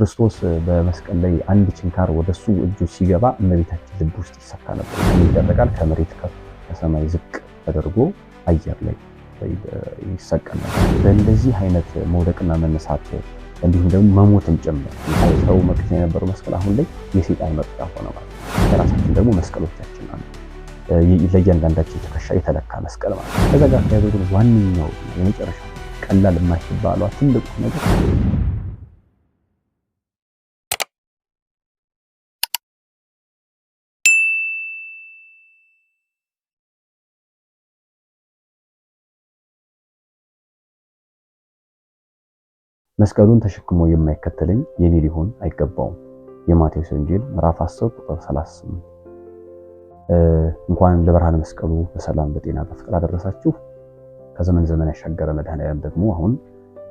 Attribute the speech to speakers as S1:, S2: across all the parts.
S1: ክርስቶስ በመስቀል ላይ አንድ ችንካር ወደ እሱ እጁ ሲገባ እመቤታችን ልብ ውስጥ ይሰካ ነበር። ይደረጋል። ከመሬት ከፍ ከሰማይ ዝቅ ተደርጎ አየር ላይ ይሰቀል ነበር። በእንደዚህ አይነት መውደቅና መነሳት እንዲሁም ደግሞ መሞትን ጭምር ሰው መቅጫ የነበረው መስቀል አሁን ላይ የሴጣን መቅጫ ሆነ ማለት ነው። የራሳችን ደግሞ መስቀሎቻችን አሉ። ለእያንዳንዳችን ትከሻ የተለካ መስቀል ማለት ነው። ከዛ ጋር ተያይዞ ዋነኛው የመጨረሻ ቀላል የማይባሏ ትልቁ ነገር መስቀሉን ተሸክሞ የማይከተለኝ የኔ ሊሆን አይገባውም። የማቴዎስ ወንጌል ምዕራፍ 10 ቁጥር 38። እንኳን ለብርሃነ መስቀሉ በሰላም በጤና በፍቅር አደረሳችሁ። ከዘመን ዘመን ያሻገረ መድኃኔዓለም ደግሞ አሁን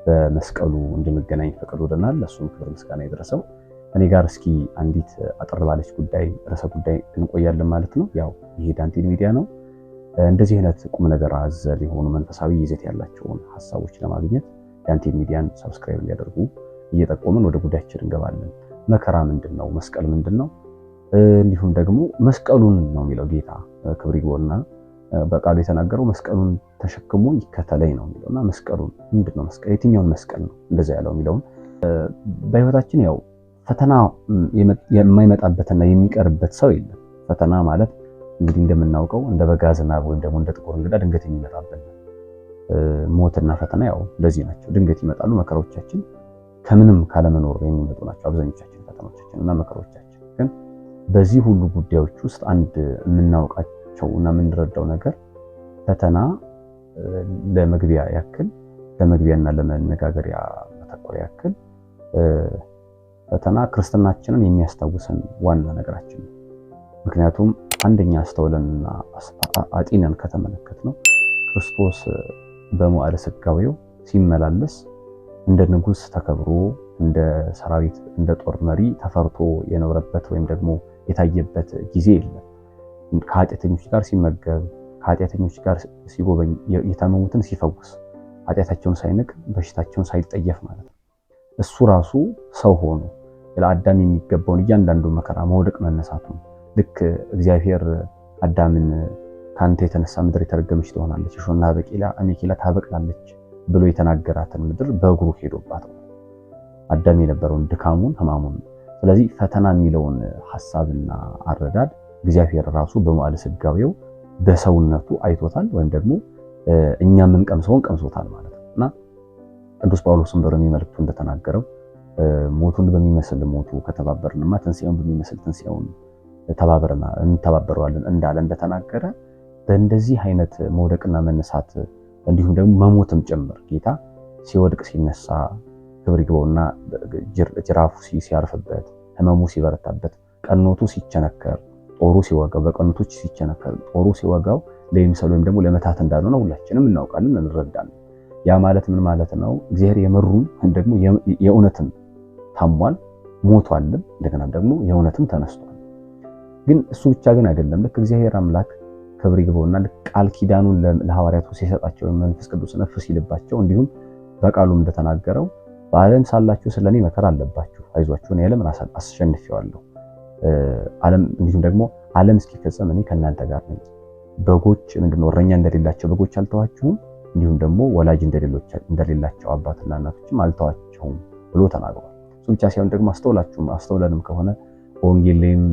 S1: በመስቀሉ እንድንገናኝ ፈቅዶልናል። ለእሱም ክብር ምስጋና የደረሰው። እኔ ጋር እስኪ አንዲት አጠር ባለች ጉዳይ ርዕሰ ጉዳይ እንቆያለን ማለት ነው። ያው ይሄ ዳንቴል ሚዲያ ነው። እንደዚህ አይነት ቁም ነገር አዘል የሆኑ መንፈሳዊ ይዘት ያላቸውን ሀሳቦች ለማግኘት የአንቲ ሚዲያን ሰብስክራይብ እንዲያደርጉ እየጠቆምን ወደ ጉዳያችን እንገባለን። መከራ ምንድን ነው? መስቀል ምንድን ነው? እንዲሁም ደግሞ መስቀሉን ነው የሚለው ጌታ ክብር ይግባውና በቃሉ የተናገረው መስቀሉን ተሸክሞ ይከተለኝ ነው የሚለውና መስቀሉን ምንድን ነው? መስቀል የትኛውን መስቀል ነው እንደዛ ያለው የሚለውን በህይወታችን ያው ፈተና የማይመጣበትና የሚቀርበት ሰው የለም። ፈተና ማለት እንግዲህ እንደምናውቀው እንደ በጋ ዝናብ ወይም ደግሞ እንደ ጥቁር እንግዳ ድንገት የሚመጣበት ሞትና ፈተና ያው እንደዚህ ናቸው፣ ድንገት ይመጣሉ። መከራዎቻችን ከምንም ካለመኖር የሚመጡ ናቸው አብዛኞቻችን ፈተናዎቻችን እና መከራዎቻችን። ግን በዚህ ሁሉ ጉዳዮች ውስጥ አንድ የምናውቃቸው እና የምንረዳው ነገር ፈተና ለመግቢያ ያክል ለመግቢያና ለመነጋገሪያ መተኮሪያ ያክል ፈተና ክርስትናችንን የሚያስታውሰን ዋና ነገራችን ነው። ምክንያቱም አንደኛ አስተውለንና አጢነን ከተመለከት ነው ክርስቶስ በመዋለ ሥጋዌው ሲመላለስ እንደ ንጉስ ተከብሮ እንደ ሰራዊት እንደ ጦር መሪ ተፈርቶ የኖረበት ወይም ደግሞ የታየበት ጊዜ የለም። ከኃጢአተኞች ጋር ሲመገብ፣ ከኃጢአተኞች ጋር ሲጎበኝ፣ የታመሙትን ሲፈውስ፣ ኃጢአታቸውን ሳይንቅ በሽታቸውን ሳይጠየፍ ማለት ነው። እሱ ራሱ ሰው ሆኖ ለአዳም የሚገባውን እያንዳንዱ መከራ መውደቅ መነሳቱ ልክ እግዚአብሔር አዳምን ከአንተ የተነሳ ምድር የተረገመች ትሆናለች፣ እሾህና አሜኬላ ታበቅላለች ብሎ የተናገራትን ምድር በእግሩ ሄዶባት ነው አዳም የነበረውን ድካሙን ህማሙን። ስለዚህ ፈተና የሚለውን ሐሳብና አረዳድ እግዚአብሔር ራሱ በመዋዕለ ሥጋዌው በሰውነቱ አይቶታል፣ ወይም ደግሞ እኛ የምንቀምሰውን ቀምሶታል ማለት ነው እና ቅዱስ ጳውሎስም በሮሜ መልእክቱ እንደተናገረው ሞቱን በሚመስል ሞቱ ከተባበርንማ ትንሣኤውን በሚመስል ትንሣኤውን ተባበረና እንተባበረዋለን እንዳለ እንደተናገረ በእንደዚህ አይነት መውደቅና መነሳት እንዲሁም ደግሞ መሞትም ጭምር ጌታ ሲወድቅ ሲነሳ ክብር ይግባውና ጅራፉ ሲያርፍበት፣ ህመሙ ሲበረታበት፣ ቀኖቱ ሲቸነከር፣ ጦሩ ሲወጋው፣ በቀኖቶች ሲቸነከር፣ ጦሩ ሲወጋው ለይምሰል ወይም ደግሞ ለመታት እንዳልሆነ ሁላችንም እናውቃለን እንረዳለን። ያ ማለት ምን ማለት ነው? እግዚአብሔር የምሩም ደግሞ የእውነትም ታሟል ሞቷልም፣ እንደገና ደግሞ የእውነትም ተነስቷል። ግን እሱ ብቻ ግን አይደለም። ልክ እግዚአብሔር አምላክ ክብር ይግባውና ቃል ኪዳኑን ለሐዋርያቱ ሲሰጣቸው መንፈስ ቅዱስ ነፍስ ይልባቸው እንዲሁም በቃሉ እንደተናገረው በዓለም ሳላችሁ ስለኔ መከራ አለባችሁ፣ አይዟችሁ እኔ ዓለምን አሸንፌዋለሁ። ዓለም እንዲሁም ደግሞ ዓለም እስኪፈጸም እኔ ከእናንተ ጋር ነኝ። በጎች ምንድነው እረኛ እንደሌላቸው በጎች አልተዋችሁም፣ እንዲሁም ደግሞ ወላጅ እንደሌላቸው አባትና እናቶችም አልተዋችሁም ብሎ ተናግሯል። እሱ ብቻ ሳይሆን ደግሞ አስተውላችሁም አስተውለንም ከሆነ በወንጌል ላይም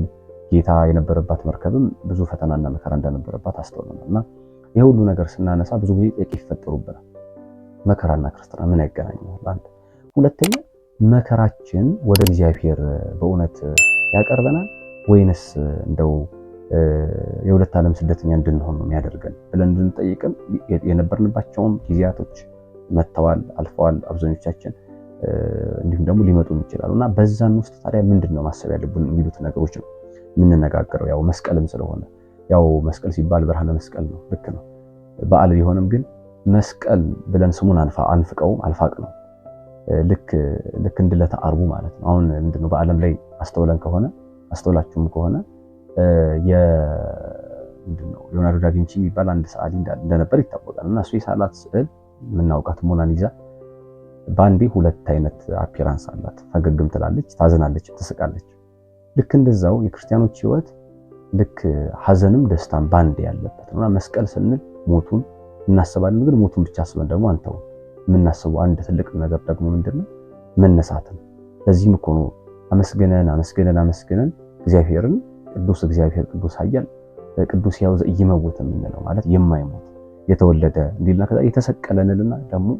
S1: ጌታ የነበረባት መርከብም ብዙ ፈተናና መከራ እንደነበረባት አስተውለናል። እና ይህ ሁሉ ነገር ስናነሳ ብዙ ጊዜ ጥያቄ ይፈጠሩብናል። መከራና ክርስትና ምን ያገናኘዋል? አንድ ሁለተኛ መከራችን ወደ እግዚአብሔር በእውነት ያቀርበናል ወይንስ እንደው የሁለት ዓለም ስደተኛ እንድንሆን ነው የሚያደርገን ብለን እንድንጠይቅም የነበርንባቸውም ጊዜያቶች መጥተዋል፣ አልፈዋል አብዛኞቻችን እንዲሁም ደግሞ ሊመጡም ይችላሉ እና በዛን ውስጥ ታዲያ ምንድን ነው ማሰብ ያለብን የሚሉት ነገሮች ነው። የምንነጋገረው ያው መስቀልም ስለሆነ ያው መስቀል ሲባል ብርሃነ መስቀል ነው። ልክ ነው። በዓል ቢሆንም ግን መስቀል ብለን ስሙን አንፋ አንፍቀውም አልፋቅ ነው። ልክ ልክ እንድለተ አርቡ ማለት ነው። አሁን ምንድነው በዓለም ላይ አስተውለን ከሆነ አስተውላችሁም ከሆነ የምንድነው ሊዮናርዶ ዳቪንቺ የሚባል አንድ ሰዓሊ እንደነበር ይታወቃል። እና እሱ የሳላት ስዕል የምናውቃት ሞናሊዛ በአንዴ ሁለት አይነት አፒራንስ አላት። ፈገግም ትላለች፣ ታዝናለች፣ ትስቃለች። ልክ እንደዛው የክርስቲያኖች ህይወት ልክ ሀዘንም ደስታም ባንድ ያለበት ነውና መስቀል ስንል ሞቱን እናስባለን። ግን ሞቱን ብቻ አስበን ደግሞ አንተው የምናስበው አንድ ትልቅ ነገር ደግሞ ምንድነው መነሳትን። ለዚህም እኮ ነው አመስግነን አመስግነን አመስግነን እግዚአብሔርን ቅዱስ እግዚአብሔር ቅዱስ ኃያል ቅዱስ ሕያው ዘኢይመውት የምንለው ማለት የማይሞት የተወለደ እንዲልና ከዛ የተሰቀለንልና ደግሞ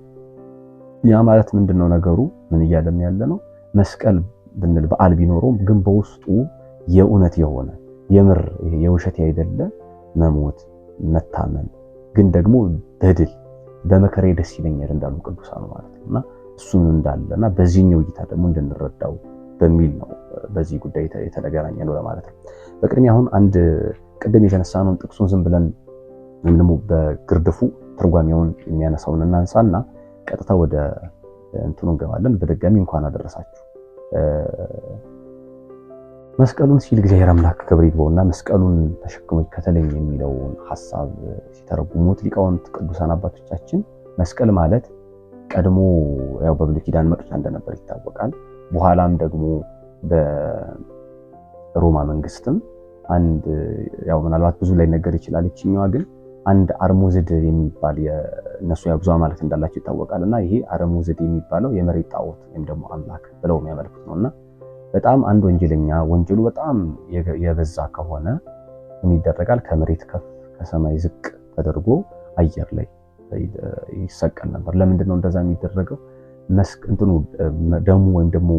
S1: ያ ማለት ምንድነው ነገሩ ምን እያለን ያለ ነው መስቀል ብንል በዓል ቢኖረውም ግን በውስጡ የእውነት የሆነ የምር የውሸት አይደለ መሞት መታመን ግን ደግሞ በድል በመከራ ደስ ይለኛል እንዳሉ ቅዱሳን ማለት ነውና እሱም እንዳለና በዚህኛው እይታ ደግሞ እንድንረዳው በሚል ነው በዚህ ጉዳይ የተገናኘ ነው ለማለት ነው። በቅድሚያ አሁን አንድ ቅድም የተነሳነውን ጥቅሱን ዝም ብለን ወይም ደግሞ በግርድፉ ትርጓሜውን የሚያነሳውን እናንሳና ቀጥታ ወደ እንትኑ እንገባለን። በድጋሚ እንኳን አደረሳችሁ። መስቀሉን ሲል እግዚአብሔር አምላክ ክብር ይግባውና መስቀሉን ተሸክሞ ከተለኝ የሚለውን ሐሳብ ሲተረጉሙት ሊቃውንት ቅዱሳን አባቶቻችን መስቀል ማለት ቀድሞ ያው በብሉይ ኪዳን መቅጫ እንደነበር ይታወቃል። በኋላም ደግሞ በሮማ መንግስትም አንድ ያው ምናልባት ብዙ ላይ ነገር ይችላል። ይችኛዋ ግን አንድ አርሙዝድ የሚባል እነሱ ብዙ አማልክት እንዳላቸው ይታወቃል። እና ይሄ አርሙዝድ የሚባለው የመሬት ጣዖት ወይም ደግሞ አምላክ ብለው የሚያመልኩት ነው። እና በጣም አንድ ወንጀለኛ ወንጀሉ በጣም የበዛ ከሆነ ምን ይደረጋል? ከመሬት ከፍ ከሰማይ ዝቅ ተደርጎ አየር ላይ ይሰቀል ነበር። ለምንድን ነው እንደዛ የሚደረገው? መስክ እንትኑ ደሙ ወይም ደግሞ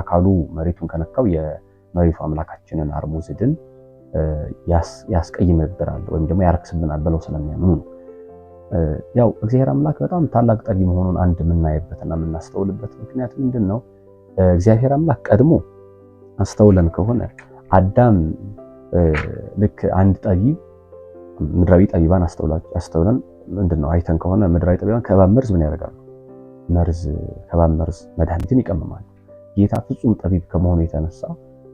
S1: አካሉ መሬቱን ከነካው የመሬቱ አምላካችንን አርሙዝድን ያስቀይምብናል ወይም ደግሞ ያረክስብናል ብለው ስለሚያምኑ ነው። ያው እግዚአብሔር አምላክ በጣም ታላቅ ጠቢ መሆኑን አንድ የምናይበትና የምናስተውልበት ምክንያት ምንድን ነው? እግዚአብሔር አምላክ ቀድሞ አስተውለን ከሆነ አዳም ልክ አንድ ጠቢብ ምድራዊ ጠቢባን አስተውለን ምንድን ነው አይተን ከሆነ ምድራዊ ጠቢባን ከእባብ መርዝ ምን ያደርጋሉ? መርዝ ከእባብ መርዝ መድኃኒትን ይቀምማሉ። ጌታ ፍጹም ጠቢብ ከመሆኑ የተነሳ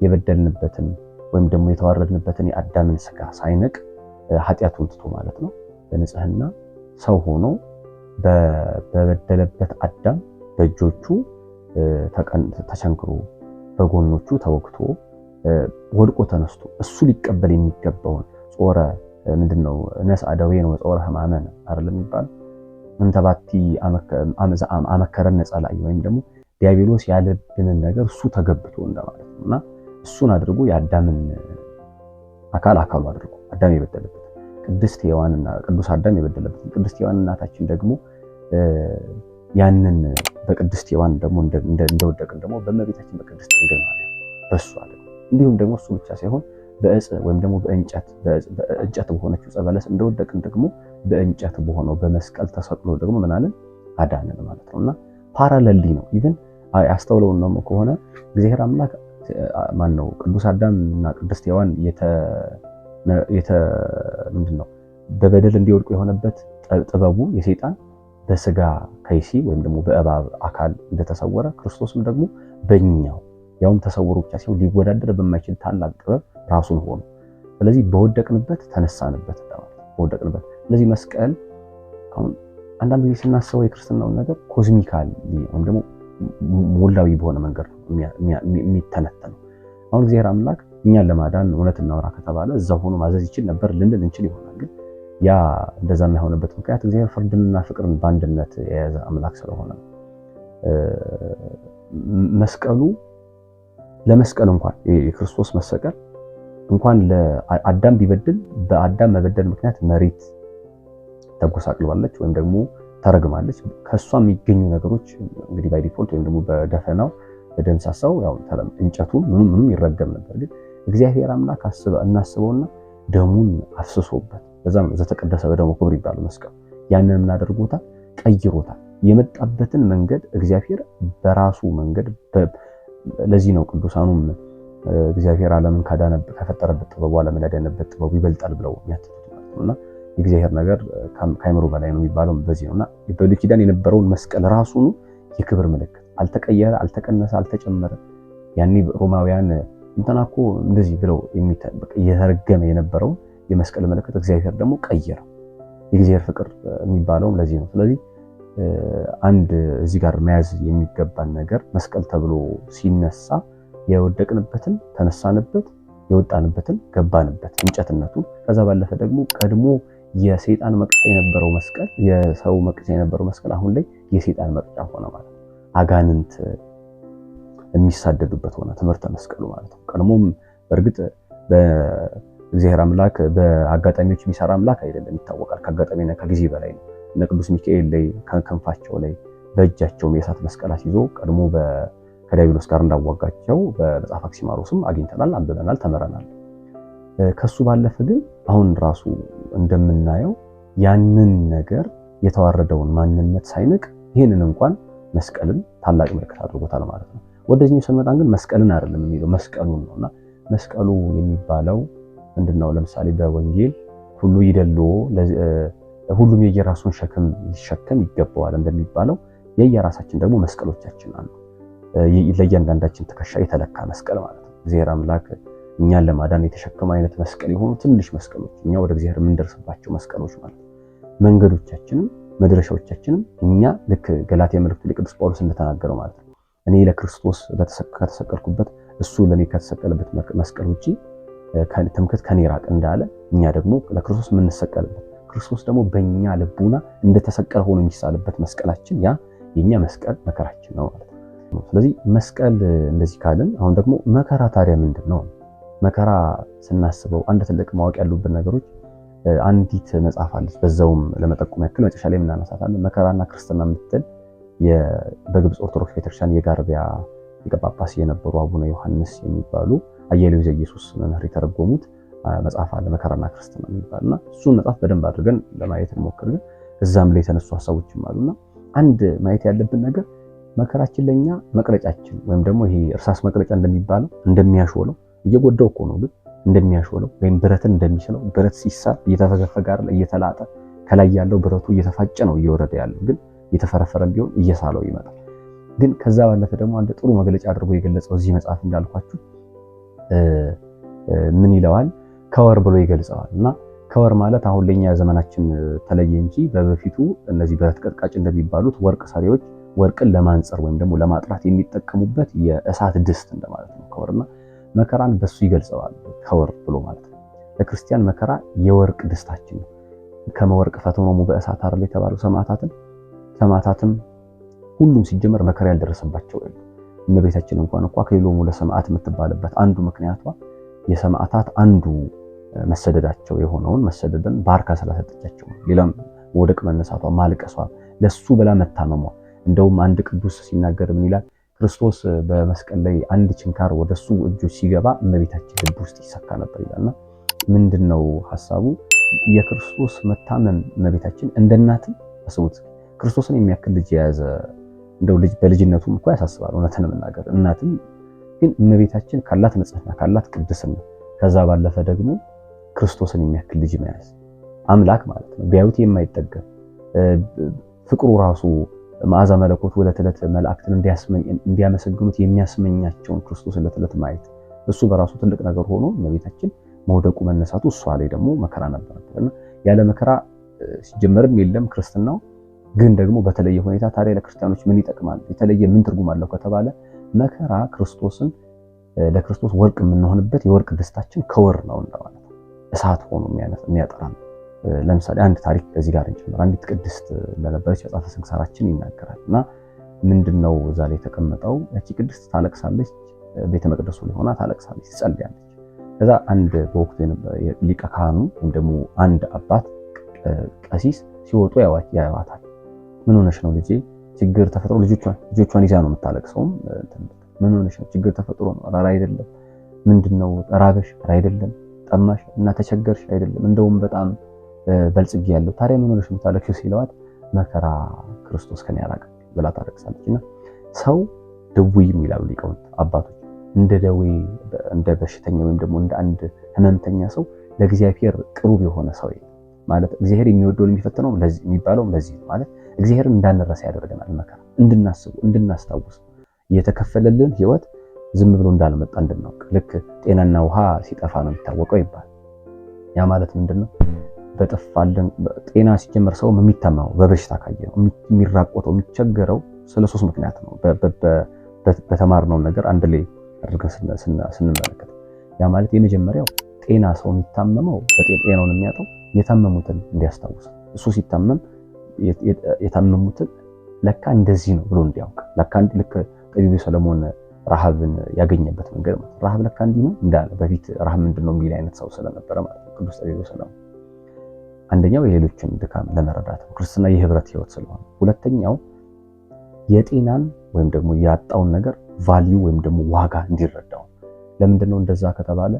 S1: የበደልንበትን ወይም ደግሞ የተዋረድንበትን የአዳምን ስጋ ሳይንቅ ኃጢአቱን ትቶ ማለት ነው በንጽህና ሰው ሆኖ በበደለበት አዳም በእጆቹ ተቸንክሮ በጎኖቹ ተወግቶ ወድቆ ተነስቶ እሱ ሊቀበል የሚገባውን ጾረ ምንድነው ነስ አደዌ ነው ጾረ ህማመን አይደለም የሚባል እንተባቲ አመከረን ነጸላይ ወይም ደግሞ ዲያብሎስ ያለብንን ነገር እሱ ተገብቶ እንደማለት እና እሱን አድርጎ የአዳምን አካል አካሉ አድርጎ አዳም የበደለበት ቅድስት ሔዋንና ቅዱስ አዳም የበደለበት ቅድስት ሔዋን እናታችን ደግሞ ያንን በቅድስት ሔዋን ደግሞ እንደወደቅን ደግሞ በእመቤታችን በቅድስት ድንግል ማርያም በሱ ደግሞ እንዲሁም ደግሞ እሱ ብቻ ሳይሆን በእጽ ወይም ደግሞ በእንጨት በእንጨት በሆነችው ጸበለስ በለስ እንደወደቅን ደግሞ በእንጨት በሆነው በመስቀል ተሰቅሎ ደግሞ ምናምን አዳንን ማለት ነውና ፓራለሊ ነው። ኢቭን አስተውለውን ነው ከሆነ እግዚአብሔር አምላክ ማን ነው ቅዱስ አዳም እና ቅድስት ሔዋን የተ ምንድን ነው በበደል እንዲወድቁ የሆነበት ጥበቡ የሰይጣን በስጋ ከይሲ ወይም ደግሞ በእባብ አካል እንደተሰወረ ክርስቶስም ደግሞ በኛው ያውም ተሰውሮ ብቻ ሲሆን ሊወዳደር በማይችል ታላቅ ጥበብ ራሱን ሆኖ ስለዚህ በወደቅንበት ተነሳንበት በወደቅንበት ስለዚህ መስቀል አሁን አንዳንድ ጊዜ ስናስበው የክርስትናውን ነገር ኮዝሚካል ወይም ደግሞ ሞላዊ በሆነ መንገድ ነው የሚተነተነው። አሁን እግዚአብሔር አምላክ እኛን ለማዳን እውነት እናውራ ከተባለ እዛ ሆኖ ማዘዝ ይችል ነበር ልንል እንችል ይሆናል። ግን ያ እንደዛ የማይሆንበት ምክንያት እግዚአብሔር ፍርድንና ፍቅርን በአንድነት የያዘ አምላክ ስለሆነ መስቀሉ ለመስቀል እንኳን የክርስቶስ መሰቀል እንኳን ለአዳም ቢበድል በአዳም መበደል ምክንያት መሬት ተጎሳቅልባለች ወይም ደግሞ ተረግማለች። ከእሷ የሚገኙ ነገሮች እንግዲህ ባይ ዲፎልት ወይም ደግሞ በደፈናው በደምሳሳው ያው እንጨቱ ምንም ምንም ይረገም ነበር። ግን እግዚአብሔር አምላክ አስበ እናስበውና ደሙን አፍስሶበት በዛም ዘተቀደሰ በደሙ ክብር ይባል መስቀል። ያንን እናደርጎታ ቀይሮታ የመጣበትን መንገድ እግዚአብሔር በራሱ መንገድ ለዚህ ነው ቅዱሳኑም እግዚአብሔር ዓለምን ካዳነበት ከፈጠረበት ጥበቡ ዓለምን ያዳነበት ጥበቡ ይበልጣል ብለው የሚያትቱት ማለት ነውና የእግዚአብሔር ነገር ከአእምሮ በላይ ነው የሚባለው በዚህ ነውና በብሉይ ኪዳን የነበረውን መስቀል ራሱኑ የክብር ምልክት አልተቀየረ፣ አልተቀነሰ፣ አልተጨመረ። ያኔ ሮማውያን እንትና እኮ እንደዚህ ብለው እየተረገመ የነበረው የመስቀል ምልክት እግዚአብሔር ደግሞ ቀየረ። የእግዚአብሔር ፍቅር የሚባለውም ለዚህ ነው። ስለዚህ አንድ እዚህ ጋር መያዝ የሚገባን ነገር መስቀል ተብሎ ሲነሳ የወደቅንበትን ተነሳንበት፣ የወጣንበትን ገባንበት እንጨትነቱ። ከዛ ባለፈ ደግሞ ቀድሞ የሰይጣን መቅጫ የነበረው መስቀል የሰው መቅጫ የነበረው መስቀል አሁን ላይ የሰይጣን መቅጫ ሆነ ማለት ነው። አጋንንት የሚሳደዱበት ሆነ ትምህርተ መስቀሉ ማለት ነው። ቀድሞም በእርግጥ በእግዚአብሔር አምላክ በአጋጣሚዎች የሚሰራ አምላክ አይደለም ይታወቃል። ከአጋጣሚና ከጊዜ በላይ ነው። እነ ቅዱስ ሚካኤል ላይ ከክንፋቸው ላይ በእጃቸውም የእሳት መስቀላት ይዞ ቀድሞ ከዲያብሎስ ጋር እንዳዋጋቸው በመጽሐፍ አክሲማሮስም አግኝተናል፣ አንብበናል፣ ተምረናል። ከሱ ባለፈ ግን አሁን ራሱ እንደምናየው ያንን ነገር የተዋረደውን ማንነት ሳይንቅ ይህንን እንኳን መስቀልን ታላቅ ምልክት አድርጎታል ማለት ነው። ወደዚህኛው ስንመጣ ግን መስቀልን አይደለም የሚለው መስቀሉን ነውና መስቀሉ የሚባለው ምንድነው? ለምሳሌ በወንጌል ሁሉ ይደሎ ሁሉም የየራሱን ሸክም ሊሸከም ይገባዋል እንደሚባለው የየራሳችን ደግሞ መስቀሎቻችን አሉ። ለእያንዳንዳችን ትከሻ የተለካ መስቀል ማለት ነው። እግዚአብሔር አምላክ እኛን ለማዳን የተሸከመ አይነት መስቀል የሆኑ ትንሽ መስቀሎች፣ እኛ ወደ እግዚአብሔር የምንደርስባቸው መስቀሎች ማለት ነው። መንገዶቻችንም መድረሻዎቻችንም እኛ ልክ ገላትያ መልእክቱ ላይ ቅዱስ ጳውሎስ እንደተናገረው ማለት ነው እኔ ለክርስቶስ ከተሰቀልኩበት እሱ ለእኔ ከተሰቀለበት መስቀል ውጭ ትምክህት ከኔ ራቅ እንዳለ እኛ ደግሞ ለክርስቶስ የምንሰቀልበት ክርስቶስ ደግሞ በእኛ ልቡና እንደተሰቀለ ሆኖ የሚሳልበት መስቀላችን ያ የእኛ መስቀል መከራችን ነው ማለት ነው። ስለዚህ መስቀል እንደዚህ ካልን አሁን ደግሞ መከራ ታዲያ ምንድን ነው? መከራ ስናስበው አንድ ትልቅ ማወቅ ያሉብን ነገሮች አንዲት መጽሐፍ አለች። በዛውም ለመጠቆም ያክል መጨረሻ ላይ የምናነሳታለን መከራና ክርስትና የምትል በግብፅ ኦርቶዶክስ ቤተክርስቲያን የጋርቢያ ሊቀ ጳጳስ የነበሩ አቡነ ዮሐንስ የሚባሉ አያሌው ዘኢየሱስ መምህር የተረጎሙት መጽሐፍ አለ መከራና ክርስትና የሚባልና እሱን መጽሐፍ በደንብ አድርገን ለማየት እንሞክር። ግን እዛም ላይ የተነሱ ሀሳቦችም አሉና አንድ ማየት ያለብን ነገር መከራችን ለኛ መቅረጫችን ወይም ደግሞ ይሄ እርሳስ መቅረጫ እንደሚባለው እንደሚያሾለው እየጎዳው እኮ ነው ግን እንደሚያሾለው ወይም ብረትን እንደሚስለው ብረት ሲሳብ እየተፈገፈገ አይደል እየተላጠ ከላይ ያለው ብረቱ እየተፋጨ ነው እየወረደ ያለው ግን እየተፈረፈረ ቢሆን እየሳለው ይመጣል። ግን ከዛ ባለፈ ደግሞ አንድ ጥሩ መግለጫ አድርጎ የገለጸው እዚህ መጽሐፍ እንዳልኳችሁ ምን ይለዋል? ከወር ብሎ ይገልጸዋል። እና ከወር ማለት አሁን ለኛ ዘመናችን ተለየ እንጂ በበፊቱ እነዚህ ብረት ቀጥቃጭ እንደሚባሉት ወርቅ ሰሪዎች ወርቅን ለማንጸር ወይም ደግሞ ለማጥራት የሚጠቀሙበት የእሳት ድስት እንደማለት ነው ከወርና መከራን በሱ ይገልጸዋል፣ ከወር ብሎ ማለት ነው። ለክርስቲያን መከራ የወርቅ ደስታችን ነው። ከመወርቅ ፈተኖሙ በእሳት አይደል የተባለው ሰማዕታትን ሰማዕታትም ሁሉም ሲጀመር መከራ ያልደረሰባቸው የሉ። እመቤታችን እንኳን እኮ አክሊሎሙ ለሰማዕት የምትባልበት አንዱ ምክንያቷ የሰማዕታት አንዱ መሰደዳቸው የሆነውን መሰደድን ባርካ ስላሰጠቻቸው ሌላም መውደቅ መነሳቷ፣ ማልቀሷ፣ ለሱ ብላ መታመሟ። እንደውም አንድ ቅዱስ ሲናገር ምን ይላል? ክርስቶስ በመስቀል ላይ አንድ ችንካር ወደሱ እጆች ሲገባ እመቤታችን ልብ ውስጥ ይሰካ ነበር ይላልና ምንድን ነው ሀሳቡ? የክርስቶስ መታመም እመቤታችን እንደ እናትም አስቡት። ክርስቶስን የሚያክል ልጅ የያዘ እንደው ልጅ በልጅነቱም እኮ ያሳስባል። እውነትን መናገር እናትም ግን እመቤታችን ካላት ንጽሕና ካላት ቅድስና ከዛ ባለፈ ደግሞ ክርስቶስን የሚያክል ልጅ መያዝ አምላክ ማለት ነው። ቢያዩት የማይጠገም ፍቅሩ ራሱ መዓዛ መለኮት ዕለት ዕለት መላእክትን እንዲያመሰግኑት የሚያስመኛቸውን ክርስቶስ ዕለት ዕለት ማየት እሱ በራሱ ትልቅ ነገር ሆኖ እመቤታችን መውደቁ መነሳቱ፣ እሷ ላይ ደግሞ መከራ ነበረበትና ያለ መከራ ሲጀመርም የለም ክርስትናው። ግን ደግሞ በተለየ ሁኔታ ታዲያ ለክርስቲያኖች ምን ይጠቅማል? የተለየ ምን ትርጉም አለው ከተባለ መከራ ክርስቶስን ለክርስቶስ ወርቅ የምንሆንበት የወርቅ ደስታችን ከወር ነው እንደማለት እሳት ሆኖ የሚያጠራ ነው። ለምሳሌ አንድ ታሪክ ከዚህ ጋር እንጀምር። አንዲት ቅድስት እንደነበረች መጽሐፈ ስንክሳራችን ይናገራል እና ምንድን ነው እዛ ላይ የተቀመጠው? ያቺ ቅድስት ታለቅሳለች፣ ቤተ መቅደሱ ሆና ታለቅሳለች፣ ትጸልያለች። ከዛ አንድ በወቅቱ ሊቀ ካህኑ ወይም ደግሞ አንድ አባት ቀሲስ ሲወጡ ያዋታል። ምን ሆነሽ ነው ልጄ? ችግር ተፈጥሮ ልጆቿን ይዛ ነው የምታለቅሰውም። ምን ሆነሽ ነው? ችግር ተፈጥሮ ነው። ኧረ አይደለም። ምንድን ነው? ራበሽ? ኧረ አይደለም። ጠማሽ እና ተቸገርሽ? አይደለም። እንደውም በጣም በልጽጌ ያለው ታዲያ ምን ሆነሽ የምታለቅሺው ሲለዋት መከራ ክርስቶስ ከኔ ያራቅ ብላ ታለቅሳለች። እና ሰው ደዌ ይላሉ ሊቃውንት አባቶች፣ እንደ ደዌ እንደ በሽተኛ ወይም ደግሞ እንደ አንድ ህመምተኛ ሰው ለእግዚአብሔር ቅሩብ የሆነ ሰው ማለት እግዚአብሔር የሚወደውን የሚፈትነው ለዚህ የሚባለውም ለዚህ ነው ማለት እግዚአብሔር እንዳንረሳ ያደርገናል። መከራ እንድናስቡ እንድናስታውስ የተከፈለልን ህይወት ዝም ብሎ እንዳልመጣ እንድናውቅ ልክ ጤናና ውሃ ሲጠፋ ነው የሚታወቀው ይባል። ያ ማለት ምንድን ነው? በጠፋለን ጤና ሲጀመር ሰው የሚታመመው በበሽታ ካየ ነው። የሚራቆተው የሚቸገረው ስለ ሶስት ምክንያት ነው። በተማርነው ነገር አንድ ላይ አድርገን ስንመለከት ያ ማለት የመጀመሪያው ጤና ሰው የሚታመመው ጤናውን የሚያጠው የታመሙትን እንዲያስታውስ እሱ ሲታመም የታመሙትን ለካ እንደዚህ ነው ብሎ እንዲያውቅ ለካ ልክ ጠቢቡ ሰለሞን ረሃብን ያገኘበት መንገድ ማለት ረሃብ ለካ እንዲህ ነው እንዳለ በፊት ረሃብ ምንድን ነው የሚል አይነት ሰው ስለነበረ ማለት ነው ቅዱስ ጠቢቡ ሰለሞን አንደኛው የሌሎችን ድካም ለመረዳት ነው፣ ክርስትና የህብረት ህይወት ስለሆነ። ሁለተኛው የጤናን ወይም ደግሞ ያጣውን ነገር ቫልዩ ወይም ደግሞ ዋጋ እንዲረዳው። ለምንድን ነው እንደዛ ከተባለ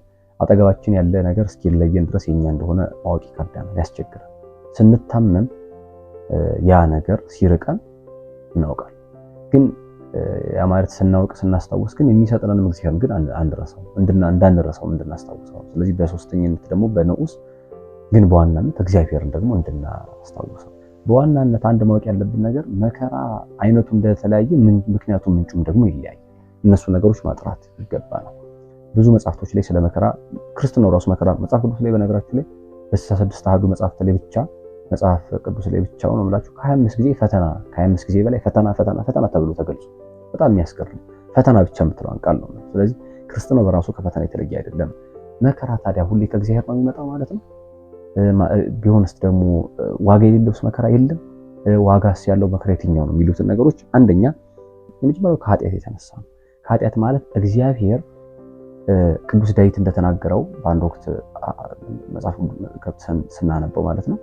S1: አጠገባችን ያለ ነገር እስኪለየን ድረስ የኛ እንደሆነ ማወቅ ይከብዳናል፣ ያስቸግራል። ስንታመም ያ ነገር ሲርቀን እናውቃል። ግን ያ ማለት ስናውቅ ስናስታውስ ግን የሚሰጥነንም እግዚአብሔር ግን አንረሳው እንዳንረሳው እንድናስታውሰው። ስለዚህ በሶስተኝነት ደግሞ በንዑስ ግን በዋናነት እግዚአብሔርን ደግሞ እንድናስታውሰው በዋናነት አንድ ማወቅ ያለብን ነገር መከራ አይነቱ እንደተለያየ ምክንያቱም ምንጩም ደግሞ ይለያይ እነሱ ነገሮች ማጥራት ነው። ብዙ መጽሐፍቶች ላይ ስለ መከራ ክርስትናው ራሱ መከራ መጽሐፍ ቅዱስ ላይ በነገራችሁ ላይ በስልሳ ስድስት አሐዱ መጽሐፍት ላይ ብቻ መጽሐፍ ቅዱስ ላይ ብቻ ነው የምላችሁ ከሀያ 25 ጊዜ ፈተና ከሀያ ጊዜ በላይ ፈተና ፈተና ፈተና ተብሎ ተገልጾ በጣም የሚያስገርም ፈተና ብቻ የምትለዋን ቃል ነው። ስለዚህ ክርስትናው በራሱ ከፈተና የተለየ አይደለም። መከራ ታዲያ ሁሌ ከእግዚአብሔር ነው የሚመጣው ማለት ነው? ቢሆንስ ደግሞ ዋጋ የሌለውስ መከራ የለም? ዋጋስ ያለው መከራ የትኛው ነው? የሚሉትን ነገሮች አንደኛ የመጀመሪያው ከኃጢአት የተነሳ ነው። ከኃጢአት ማለት እግዚአብሔር ቅዱስ ዳዊት እንደተናገረው በአንድ ወቅት መጽሐፍ ስናነበው ማለት ነው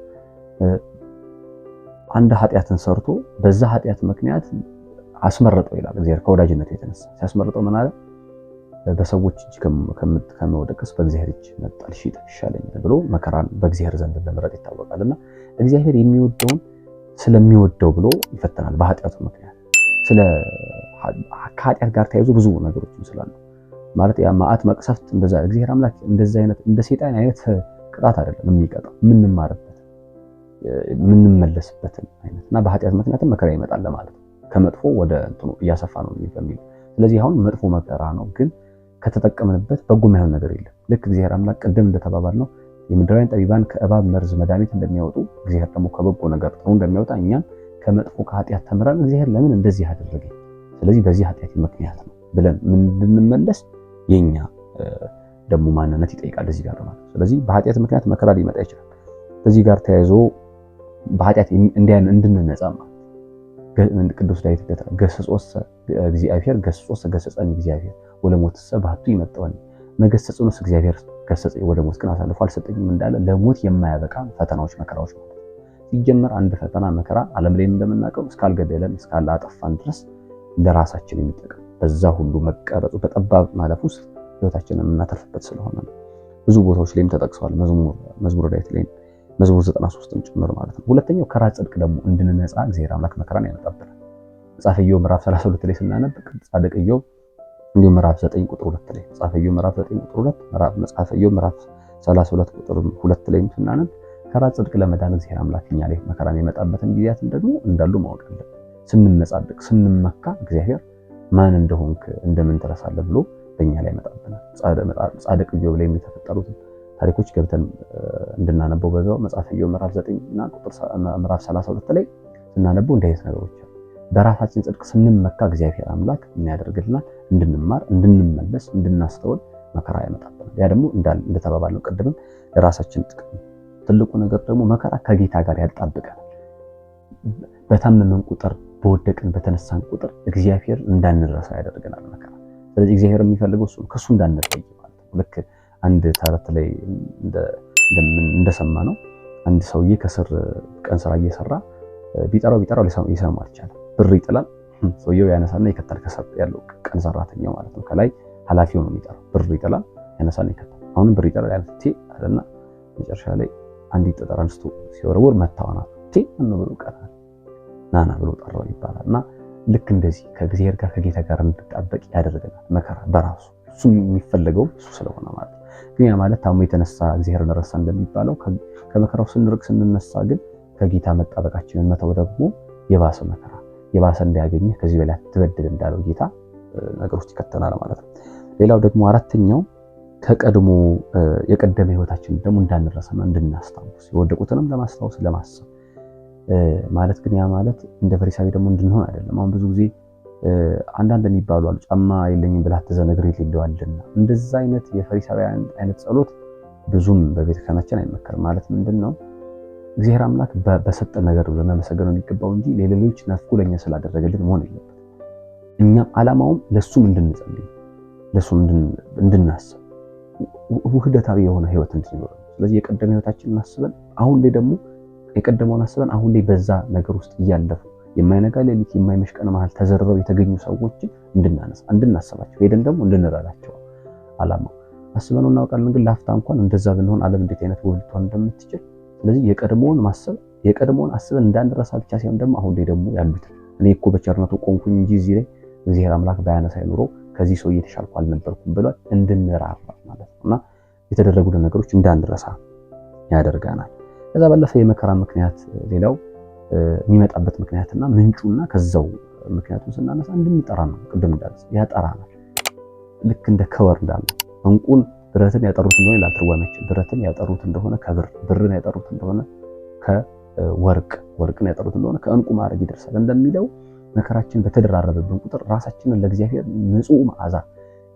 S1: አንድ ኃጢአትን ሰርቶ በዛ ኃጢአት ምክንያት አስመረጠው ይላል። እግዚአብሔር ከወዳጅነቱ የተነሳ ሲያስመረጠው ምን አለ? በሰዎች እጅ ከመወደቅስ በእግዚአብሔር እጅ መጣል ይሻለኛል ብሎ መከራን በእግዚአብሔር ዘንድ እንደመረጥ ይታወቃል። እና እግዚአብሔር የሚወደውን ስለሚወደው ብሎ ይፈተናል። በኃጢአቱ ምክንያት ስለ ከኃጢአት ጋር ተያይዞ ብዙ ነገሮችን ስላሉ ማለት ያ ማአት መቅሰፍት እንደዛ እግዚአብሔር አምላክ እንደዛ አይነት እንደ ሴጣን አይነት ቅጣት አይደለም የሚቀጣው የምንማርበትን የምንመለስበትን አይነት እና በኃጢአት ምክንያትም መከራ ይመጣል ለማለት ነው። ከመጥፎ ወደ እንትኑ እያሰፋ ነው በሚል ስለዚህ አሁን መጥፎ መከራ ነው ግን ከተጠቀምንበት በጎ የሚሆን ነገር የለም። ልክ እግዚአብሔር አምላክ ቅድም እንደተባባል ነው የምድራውያን ጠቢባን ከእባብ መርዝ መድኃኒት እንደሚያወጡ እግዚአብሔር ደግሞ ከበጎ ነገር ጥሩ እንደሚያወጣ እኛም ከመጥፎ ከኃጢአት ተምረን እግዚአብሔር ለምን እንደዚህ አደረገ፣ ስለዚህ በዚህ ኃጢአት ምክንያት ነው ብለን ምን እንድንመለስ የኛ ደግሞ ማንነት ይጠይቃል እዚህ ጋር ማለት። ስለዚህ በኃጢአት ምክንያት መከራ ሊመጣ ይችላል። ከዚህ ጋር ተያይዞ በኃጢአት እንዲያን እንድንነጻ ቅዱስ ዳዊት ገሰጾሰ እግዚአብሔር ገሰጾሰ ገሰጸን እግዚአብሔር ሰባቱ ባህቱ ይመጠወን መገሰጹንስ እግዚአብሔር ገሰጸኝ፣ ወደ ሞት ግን አሳልፎ አልሰጠኝም እንዳለ ለሞት የማያበቃ ፈተናዎች፣ መከራዎች ነው። ሲጀመር አንድ ፈተና መከራ ዓለም ላይ እንደምናውቀው እስካልገደለን እስካላጠፋን ድረስ ለራሳችን የሚጠቅም በዛ ሁሉ መቀረጹ በጠባብ ማለፍ ውስጥ ህይወታችንን የምናተርፍበት ስለሆነ ነው። ብዙ ቦታዎች ላይም ተጠቅሰዋል። መዝሙር ዳዊት ላይ መዝሙር 93ን ጭምር ማለት ነው። ሁለተኛው ከራ ጽድቅ ደግሞ እንድንነጻ እግዚአብሔር አምላክ መከራን ያመጣብናል። መጽሐፈ ኢዮብ ምዕራፍ 32 ላይ ስናነብ ጻድቅ ኢዮብ እንዲሁ ምዕራፍ 9 ቁጥር 2 ላይ መጽሐፈ ኢዮብ ምዕራፍ 9 ቁጥር 2 ምዕራፍ መጽሐፈ ኢዮብ ምዕራፍ 32 ቁጥር 2 ላይም ስናነብ ከራ ጽድቅ ለመዳን እግዚአብሔር አምላክ እኛ ላይ መከራን የመጣበትን ጊዜያትን ደግሞ እንዳሉ ማወቅ አለብን። ስንመጻደቅ ስንመካ እግዚአብሔር ማን እንደሆንክ እንደምን ትረሳለህ ብሎ በእኛ ላይ መጣብናል። ጻድቅ ኢዮብ ላይ የተፈጠሩትን ታሪኮች ገብተን እንድናነበው በዛው መጽሐፈ ኢዮብ ምዕራፍ 9 እና ቁጥር ምዕራፍ 32 ላይ ስናነበው እንዲህ አይነት ነገሮች በራሳችን ጽድቅ ስንመካ እግዚአብሔር አምላክ ምን ያደርግልናል? እንድንማር፣ እንድንመለስ፣ እንድናስተውል መከራ ያመጣብናል። ያ ደግሞ እንደተባባለው ቅድምም ለራሳችን ጥቅም ትልቁ ነገር ደግሞ መከራ ከጌታ ጋር ያጣብቀናል። በታመመን ቁጥር በወደቅን በተነሳን ቁጥር እግዚአብሔር እንዳንረሳ ያደርገናል መከራ። ስለዚህ እግዚአብሔር የሚፈልገው እሱ ከእሱ እንዳንለይ ማለት ነው። ልክ አንድ ተረት ላይ እንደሰማ ነው አንድ ሰውዬ ከስር ቀን ስራ እየሰራ ቢጠራው ቢጠራው ሊሰማ አልቻለም። ብር ይጥላል ሰውየው ያነሳና ይከታል። ከሰጥ ያለው ቀን ሰራተኛው ማለት ነው። ከላይ ኃላፊው ነው የሚጠራው። ብር ይጥላል፣ ያነሳና ይከታል። አሁንም ብር ይጥላል። ያነሳ ቲ አለና መጨረሻ ላይ አንድ ጠጠር አንስቶ ሲወረውር መታወና ቲ ምን ብሎ ቀራ ናና ብሎ ጠራው ይባላል። እና ልክ እንደዚህ ከእግዚአብሔር ጋር ከጌታ ጋር እንድጣበቅ ያደርገናል። መከራ በራሱ እሱ የሚፈለገው እሱ ስለሆነ ማለት ነው። ግን ያ ማለት ታሞ የተነሳ እግዚአብሔርን ረሳ እንደሚባለው ከመከራው ስንርቅ ስንነሳ ግን ከጌታ መጣበቃችንን መተው ደግሞ የባሰ መከራ የባሰ እንዳያገኝህ ከዚህ በላይ ትበድል እንዳለው ጌታ ነገር ውስጥ ይከተናል ማለት ነው። ሌላው ደግሞ አራተኛው ከቀድሞ የቀደመ ህይወታችን ደግሞ እንዳንረሳና እንድናስታውስ የወደቁትንም ለማስታወስ ለማሰብ ማለት ግን ያ ማለት እንደ ፈሪሳዊ ደግሞ እንድንሆን አይደለም። አሁን ብዙ ጊዜ አንዳንድ የሚባሉ አሉ ጫማ የለኝም ብላ ተዘነግር የሌለዋልና እንደዛ አይነት የፈሪሳዊ አይነት ጸሎት ብዙም በቤተክርስቲያናችን አይመከርም። ማለት ምንድን ነው እግዚአብሔር አምላክ በሰጠ ነገር ለመመሰገን የሚገባው እንጂ ለሌሎች ነፍኩ ለኛ ስላደረገልን መሆን የለበት። እኛም ዓላማውም ለሱም እንድንጸልይ ለሱም እንድናስብ ውህደታዊ የሆነ ህይወት እንድንኖር። ስለዚህ የቀደመ ህይወታችን እናስበን፣ አሁን ላይ ደግሞ የቀደመውን አስበን አሁን ላይ በዛ ነገር ውስጥ እያለፉ የማይነጋ ሌሊት የማይመሽ ቀን መሃል ተዘርረው የተገኙ ሰዎችን እንድናነሳ እንድናስባቸው ሄደን ደግሞ እንድንረዳቸው ዓላማው አስበነው እናውቃለን። ግን ላፍታ እንኳን እንደዛ ብንሆን ዓለም እንዴት አይነት ውብ ልትሆን እንደምትችል ስለዚህ የቀድሞውን ማሰብ የቀድሞውን አስበን እንዳንረሳ ብቻ ሳይሆን ደግሞ አሁን ላይ ደግሞ ያሉት እኔ እኮ በቸርነቱ ቆምኩኝ እንጂ እዚህ ላይ እግዚአብሔር አምላክ ባያነሳ ይኑሮ ከዚህ ሰው እየተሻልኩ አልነበርኩም ብሏል። እንድንራራ ማለት ነው እና የተደረጉልን ነገሮች እንዳንረሳ ያደርጋናል። ከዛ ባለፈ የመከራ ምክንያት ሌላው የሚመጣበት ምክንያትና ምንጩና ከዛው ምክንያቱን ስናነሳ እንድንጠራ ነው። ቅድም እንዳለ ያጠራናል። ልክ እንደ ከወር እንዳለ እንቁን ብረትን ያጠሩት እንደሆነ ይላል ትርጓሜያችን። ብረትን ያጠሩት እንደሆነ ከብር፣ ብርን ያጠሩት እንደሆነ ከወርቅ፣ ወርቅን ያጠሩት እንደሆነ ከእንቁ ማረግ ይደርሳል እንደሚለው መከራችን በተደራረበብን ቁጥር ራሳችንን ለእግዚአብሔር ንጹህ መዓዛ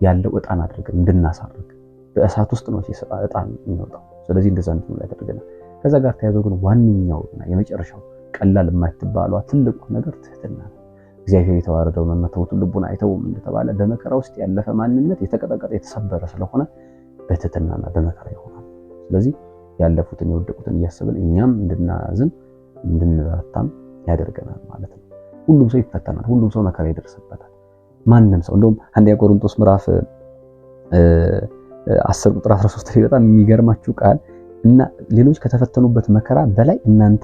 S1: ያለው እጣን አድርገን እንድናሳርግ በእሳት ውስጥ ነው እጣን የሚወጣው። ስለዚህ እንደዛ እንት ላይ ያደርገናል። ከዛ ጋር ተያይዞ ግን ዋነኛውና የመጨረሻው ቀላል የማትባሏ ትልቁ ነገር ትህትና እግዚአብሔር የተዋረደው መመተውቱ ልቡን አይተውም እንደተባለ በመከራ ውስጥ ያለፈ ማንነት የተቀጠቀጠ የተሰበረ ስለሆነ በትህትናና በመከራ ይሆናል። ስለዚህ ያለፉትን የወደቁትን እያሰብን እኛም እንድናዝን እንድንበረታም ያደርገናል ማለት ነው። ሁሉም ሰው ይፈተናል። ሁሉም ሰው መከራ ይደርስበታል። ማንም ሰው እንደውም አንደኛ ቆሮንቶስ ምዕራፍ 10 ቁጥር 13 ላይ በጣም የሚገርማችሁ ቃል እና ሌሎች ከተፈተኑበት መከራ በላይ እናንተ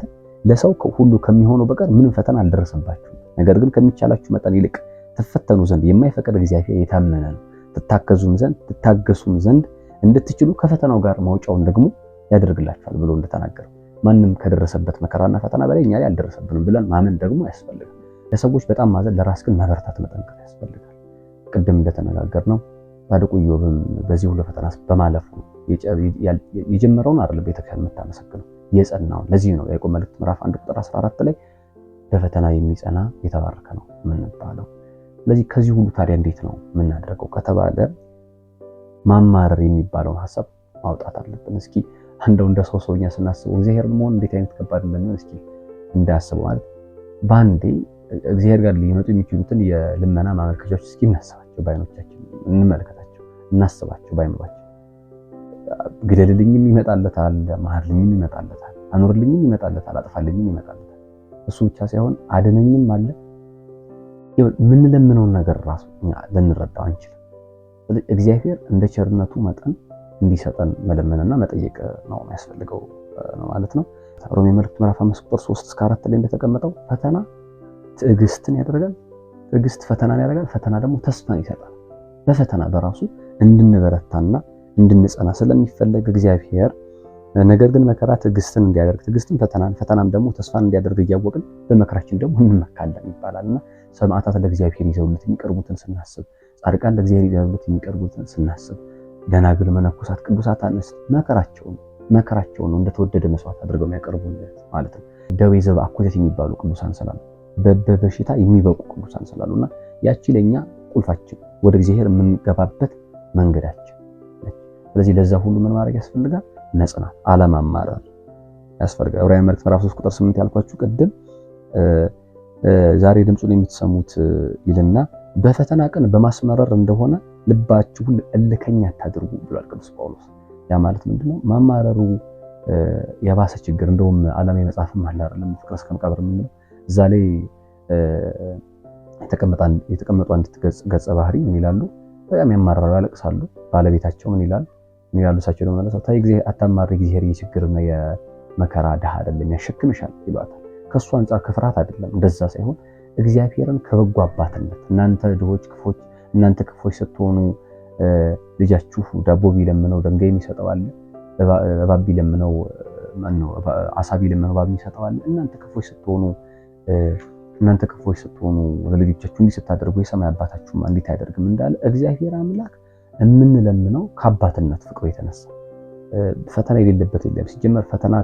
S1: ለሰው ሁሉ ከሚሆነው በቀር ምንም ፈተና አልደረሰባችሁም ነገር ግን ከሚቻላችሁ መጠን ይልቅ ትፈተኑ ዘንድ የማይፈቅድ እግዚአብሔር የታመነ ነው። ትታከዙም ዘንድ ትታገሱም ዘንድ እንድትችሉ ከፈተናው ጋር መውጫውን ደግሞ ያደርግላችኋል ብሎ እንደተናገረ ማንም ከደረሰበት መከራና ፈተና በላይ እኛ ላይ አልደረሰብንም ብለን ማመን ደግሞ ያስፈልጋል። ለሰዎች በጣም ማዘን፣ ለራስ ግን መበርታት፣ መጠንከር ያስፈልጋል። ቅድም እንደተነጋገርነው ጻድቁ ኢዮብም በዚህ ሁሉ ፈተና በማለፉ የጀመረውን አይደለም ቤተክርስቲያን የምታመሰግነው የጸናውን። ለዚህ ነው የያዕቆብ መልእክት ምዕራፍ 1 ቁጥር 14 ላይ በፈተና የሚጸና የተባረከ ነው የምንባለው። ስለዚህ ከዚህ ሁሉ ታዲያ እንዴት ነው የምናደርገው ከተባለ ማማረር የሚባለውን ሀሳብ ማውጣት አለብን። እስኪ እንደው እንደ ሰው ሰውኛ ስናስበው እግዚአብሔር መሆን እንዴት አይነት ከባድ እንደሚሆን እስኪ እንዳስበው ማለት በአንዴ እግዚአብሔር ጋር ሊመጡ የሚችሉትን የልመና ማመልከቻዎች እስኪ እናስባቸው፣ በአይኖቻችን እንመልከታቸው፣ እናስባቸው በአይምሯችን። ግደልልኝም ይመጣለታል፣ ማርልኝም ይመጣለታል፣ አኑርልኝም ይመጣለታል፣ አጥፋልኝም ይመጣለታል። እሱ ብቻ ሳይሆን አድነኝም አለ። ምንለምነውን ነገር ራሱ ልንረዳው አንችልም። እግዚአብሔር እንደ ቸርነቱ መጠን እንዲሰጠን መለመንና መጠየቅ ነው የሚያስፈልገው ማለት ነው። ሮሜ መልእክት ምዕራፍ 5 ቁጥር 3 እስከ 4 ላይ እንደተቀመጠው ፈተና ትዕግስትን ያደርጋል፣ ትዕግስት ፈተናን ያደርጋል፣ ፈተና ደግሞ ተስፋን ይሰጣል። በፈተና በራሱ እንድንበረታና እንድንጸና ስለሚፈለግ እግዚአብሔር ነገር ግን መከራ ትዕግስትን እንዲያደርግ ትዕግስትን ፈተናን ፈተናም ደግሞ ተስፋን እንዲያደርግ እያወቅን በመከራችን ደግሞ እንመካለን ይባላልና ሰማዕታት ለእግዚአብሔር ይዘውለት የሚቀርቡትን ስናስብ ጻድቃን ለእግዚአብሔር ይዘብሉት የሚቀርቡትን ስናስብ ደናግል፣ መነኮሳት፣ ቅዱሳት አንስት መከራቸውን መከራቸውን ነው እንደተወደደ መስዋዕት አድርገው የሚያቀርቡለት ማለት ነው። ደዌ ዘብ አኮቴት የሚባሉ ቅዱሳን ስላሉ በበሽታ የሚበቁ ቅዱሳን ስላሉና ያቺ ለኛ ቁልፋችን ወደ እግዚአብሔር የምንገባበት መንገዳችን። ስለዚህ ለዛ ሁሉ ምን ማድረግ ያስፈልጋል? መጽናት፣ አለማማረር ያስፈልጋል። ዕብራውያን መልእክት ምዕራፍ 3 ቁጥር 8 ያልኳችሁ ቅድም ዛሬ ድምፁን የምትሰሙት ይልና በፈተና ቀን በማስመረር እንደሆነ ልባችሁን እልከኛ አታድርጉ ብሏል ቅዱስ ጳውሎስ። ያ ማለት ምንድነው? ማማረሩ የባሰ ችግር እንደውም ዓለም የመጽሐፍም አለ አይደለም ፍቅር እስከ መቃብር የምንለው እዛ ላይ የተቀመጡ አንዲት ገጸ ባህሪ ምን ይላሉ? በጣም ያማራሉ፣ ያለቅሳሉ። ባለቤታቸው ምን ይላል? ምን ይላሉ? እሳቸው ደግሞ ታይ ጊዜ አታማሪ፣ እግዚአብሔር የችግርና የመከራ ድሃ አይደለም ያሸክምሻል ይሏታል። ከእሱ አንጻር ከፍርሃት አይደለም፣ እንደዛ ሳይሆን እግዚአብሔርን ከበጎ አባትነት እናንተ ድሆች ክፎች፣ እናንተ ክፎች ስትሆኑ ልጃችሁ ዳቦ ቢለምነው ድንጋይ የሚሰጠው አለ፣ እባብ ቢለምነው አሳ ቢለምነው እባብ የሚሰጠው አለ። እናንተ ክፎች ስትሆኑ እናንተ ክፎች ስትሆኑ ለልጆቻችሁ እንዲህ ስታደርጉ የሰማይ አባታችሁም እንዴት አያደርግም እንዳለ እግዚአብሔር አምላክ የምንለምነው ከአባትነት ፍቅሩ የተነሳ ፈተና የሌለበት የለም። ሲጀመር ፈተና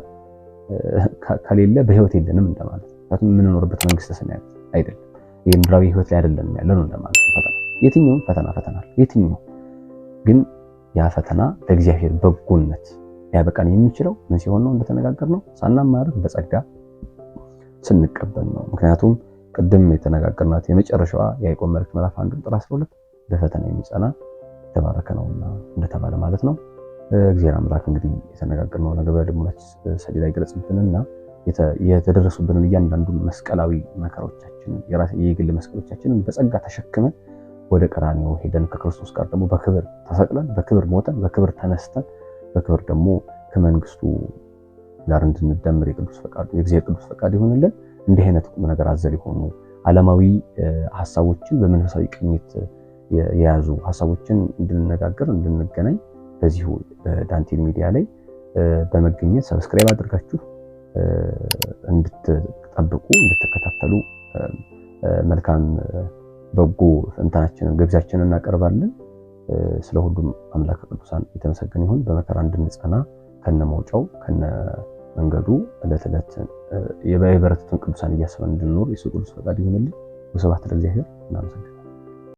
S1: ከሌለ በህይወት የለንም እንደማለት ነው። ምክንያቱም የምንኖርበት መንግስተ ሰማያት አይደለም። ይህ ምድራዊ ህይወት ላይ አይደለንም ያለ ነው እንደማለት ነው። ፈተና የትኛውም ፈተና ፈተና የትኛው ግን ያ ፈተና ለእግዚአብሔር በጎነት ሊያበቃን የሚችለው ምን ሲሆን ነው? እንደተነጋገር እንደተነጋገርነው ሳናማርር በጸጋ ስንቀበል ነው። ምክንያቱም ቅድም የተነጋገርናት የመጨረሻዋ የያዕቆብ መልእክት ምዕራፍ አንዱን ቁጥር 12 በፈተና የሚጸና የተባረከ ነውና እንደተባለ ማለት ነው። እግዚአብሔር አምላክ እንግዲህ የተነጋገርነው ነገር በልቡናች ሰሌዳ ይገለጽብንና የተደረሱብንን እያንዳንዱ መስቀላዊ መከሮቻችን የግል መስቀሎቻችንን በጸጋ ተሸክመን ወደ ቀራኒው ሄደን ከክርስቶስ ጋር ደግሞ በክብር ተሰቅለን በክብር ሞተን በክብር ተነስተን በክብር ደግሞ ከመንግስቱ ጋር እንድንደምር የቅዱስ ፈቃዱ የእግዚአብሔር ቅዱስ ፈቃድ ይሆንልን። እንዲህ አይነት ቁም ነገር አዘል የሆኑ ዓለማዊ ሀሳቦችን በመንፈሳዊ ቅኝት የያዙ ሀሳቦችን እንድንነጋገር እንድንገናኝ በዚሁ ዳንቴል ሚዲያ ላይ በመገኘት ሰብስክራይብ አድርጋችሁ እንድትጠብቁ እንድትከታተሉ መልካም በጎ እንትናችንን ግብዣችንን እናቀርባለን። ስለ ሁሉም አምላክ ቅዱሳን የተመሰገነ ይሁን። በመከራ እንድንጸና ከነ መውጫው ከነ መንገዱ ዕለት ዕለት የበረቱትን ቅዱሳን እያሰበን እንድንኖር የሱ ቅዱስ ፈቃድ ይሁንልን። ስብሐት ለእግዚአብሔር። እናመሰግናለን።